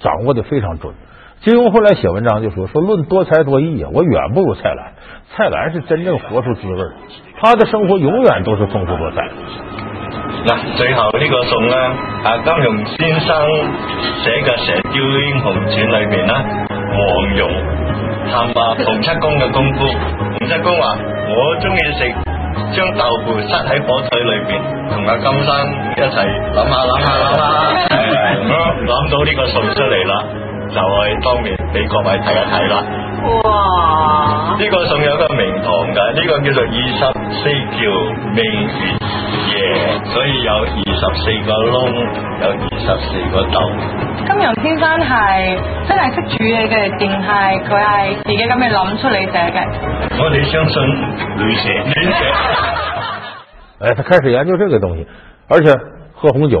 掌握得非常準。金庸後來寫文章就說：“說論多才多藝啊，我遠不如蔡瀾。蔡瀾是真正活出滋味，他的生活永遠都是豐富多彩。”嗱最後呢個送呢，啊金庸先生寫嘅《射雕英雄傳》裏面呢，黃蓉探話洪七公嘅功夫，洪七公話、啊：我中意食將豆腐塞喺火腿裏邊，同阿金生一齊諗下諗下諗下。諗到呢個數出嚟啦，就去當年俾各位睇一睇啦。哇！呢個數有一個名堂噶，呢、這個叫做二十四條命月夜，yeah, 所以有二十四個窿，有二十四個竇。金庸先生係真係識煮嘢嘅，定係佢係自己咁樣諗出嚟寫嘅？我哋相信女蛇。誒，佢、 哎、開始研究這個東西，而且喝紅酒。